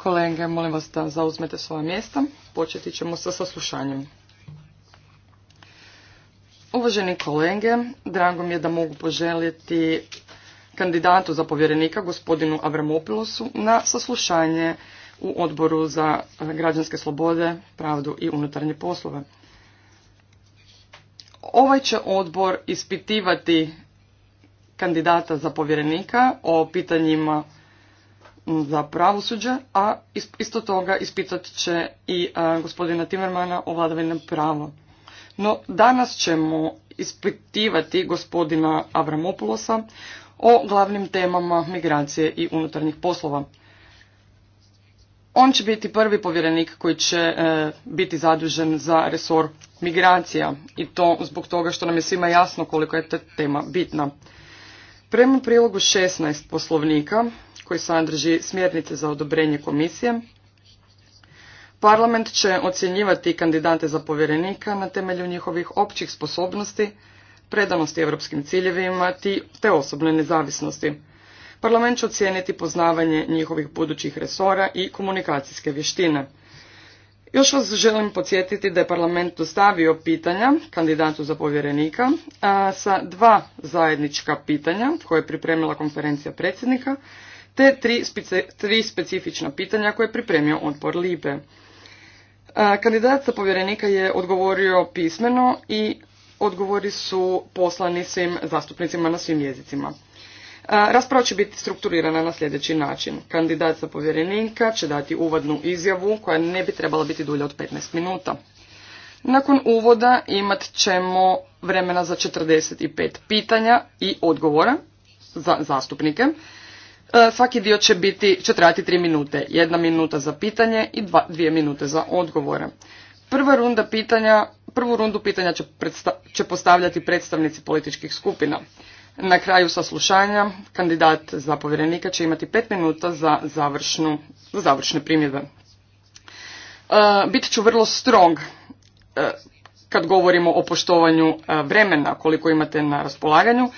Kolege, molim vas da zauzmete svoje mjesta. Početi ćemo sa saslušanjem. Uvaženi kolege, drago mi je da mogu poželjeti kandidatu za povjerenika, gospodinu Avramopilosu, na saslušanje u odboru za eh, građanske slobode, pravdu i unutarnje poslove. Ovaj će odbor ispitivati kandidata za povjerenika o pitanjima za pravosuđe, a isto toga ispitat će i e, gospodina Timmermana o vladavljenom prava. No danas ćemo ispitivati gospodina Avramopulosa o glavnim temama migracije i unutarnjih poslova. On će biti prvi povjerenik koji će e, biti zadužen za resor migracija i to zbog toga što nam je svima jasno koliko je ta tema bitna. Prema prilogu 16 poslovnika koji sadrži smjernice za odobrenje komisije. Parlament će ocjenjivati kandidate za povjerenika na temelju njihovih općih sposobnosti, predanosti europskim ciljevima te osobne nezavisnosti. Parlament će ocijeniti poznavanje njihovih budućih resora i komunikacijske vještine. Još vas želim podsjetiti da je parlament dostavio pitanja kandidatu za povjerenika sa dva zajednička pitanja koje je pripremila konferencija predsjednika te tri, specifična pitanja koje je pripremio odbor Libe. kandidat za povjerenika je odgovorio pismeno i odgovori su poslani svim zastupnicima na svim jezicima. Rasprava će biti strukturirana na sljedeći način. Kandidat za povjerenika će dati uvodnu izjavu koja ne bi trebala biti dulja od 15 minuta. Nakon uvoda imat ćemo vremena za 45 pitanja i odgovora za zastupnike. Svaki dio će, biti, će trajati minute. Jedna minuta za pitanje i dvije minute za odgovore. Prva runda pitanja, prvu rundu pitanja će postavljati predstavnici političkih skupina. Na kraju saslušanja kandidat za povjerenika će imati pet minuta za, završne primjedbe. E, bit ću vrlo strong e, kad govorimo o poštovanju e, vremena koliko imate na raspolaganju,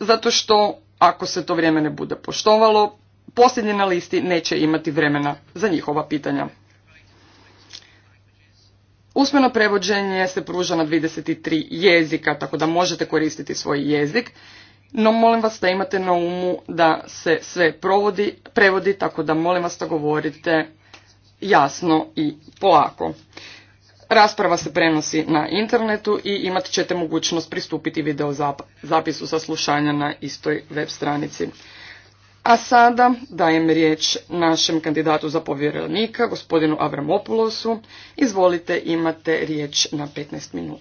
zato što ako se to vrijeme ne bude poštovalo, posljednji na listi neće imati vremena za njihova pitanja. Usmeno prevođenje se pruža na 23 jezika, tako da možete koristiti svoj jezik, no molim vas da imate na umu da se sve provodi, prevodi, tako da molim vas da govorite jasno i polako. Rasprava se prenosi na internetu i imat ćete mogućnost pristupiti video zapisu saslušanja na istoj web stranici. A sada dajem riječ našem kandidatu za povjerenika, gospodinu Avramopulosu. Izvolite, imate riječ na 15 minuta.